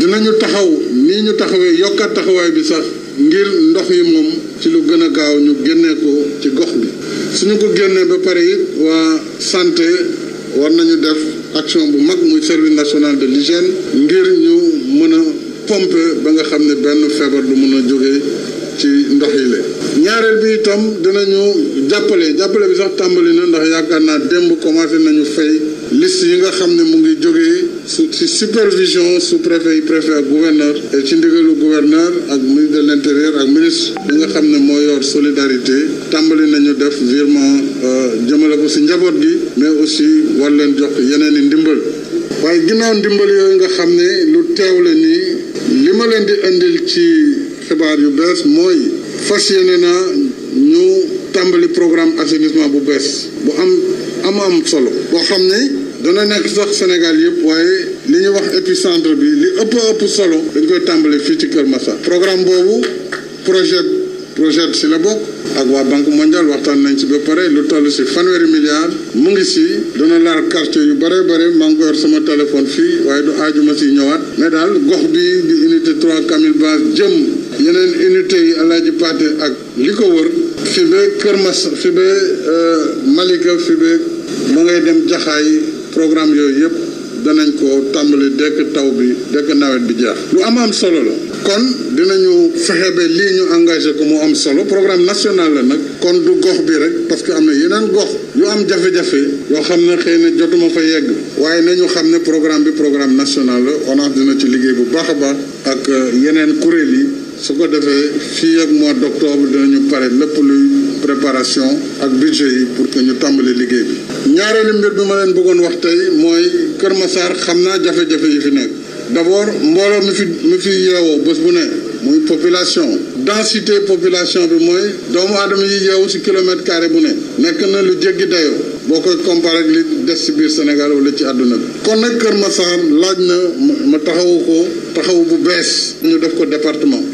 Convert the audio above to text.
dinañu taxaw nii ñu taxawee yokkat taxawaay bi sax ngir ndox yi moom ci lu gën a gaaw ñu génnee ko ci gox bi suñu ko génnee ba pare it waa santé war nañu def action bu mag muy service nationale de l'hygiène ngir ñu mën a pomper ba nga xam ne benn feebar du mën a jógee ci ndox yi le ñaareel bi itam dinañu jàppale jàppale bi sax tàmbali na ndax yaakaar naa démb commencé nañu fay liste yi nga xam ne mu ngi jóge su ci supervision su préfet yi préfet ak gouverneur et ci ndigalu gouverneur ak ministre de l'intérieur ak ministre li nga xam ne moo yor solidarité tàmbali nañu def virement euh, jëmale ko si njaboot gi mais aussi war leen jox yeneen i ndimbal waaye ginnaaw ndimbal yooyu nga xam ne lu teew la nii li ma leen di indil ci xibaar yu bees mooy fas yéene na ñu tàmbali programme assainissement bu bees bu am am am solo boo xam ne dana nekk sax Sénégal yëpp waaye li ñuy wax épicentre bi li ëpp ëpp solo dañ koy tàmbale fii ci Kër Massar programme boobu projet projet si la bokk ak waa banque mondiale waxtaan nañ si ba pare lu toll si fanweeri milliards mu ngi si dana laal quartier yu bare bare maa yor sama téléphone fii waaye du aajuma si ñëwaat mais daal gox bi di unité 3 Camille Basse jëm yeneen unité yi Alaaji Paate ak li ko wër fi ba Kër Mas fi ba euh, Malika fi ba ma ngay dem jaxaay programme yooyu yëpp danañ ko tàmbali dekk taw bi dekk nawet bi jeex lu am solo la kon dinañu fexe ba lii ñu engagé ko mu am solo programme national la nag kon du gox bi rek parce que am na yeneen gox yu am jafe-jafe yoo xam ne xëy na jotuma ko yegg waaye nañu xam ne programme bi programme national la ONAS dina ci liggéey bu baax baax ak euh, yeneen kuréel yi su ko defee fii ak mois d' octobre ñu pare lépp luy préparation ak budget yi pour que ñu tàmbali liggéey bi ñaareelu mbir bi ma leen bëggoon wax tey mooy Kër Massar xam naa jafe yi fi nekk d'abord mbooloo mi fi mu fi yeewoo bés bu ne muy population densité population bi mooy doomu aadama yi yeewu si kilomètre carré bu ne nekk na lu jéggi dayoo boo koy comparé li des ci biir Sénégal wala ci àdduna bi kon nag Kër Massar laaj na ma ma taxawu ko taxawu bu bees ñu def ko département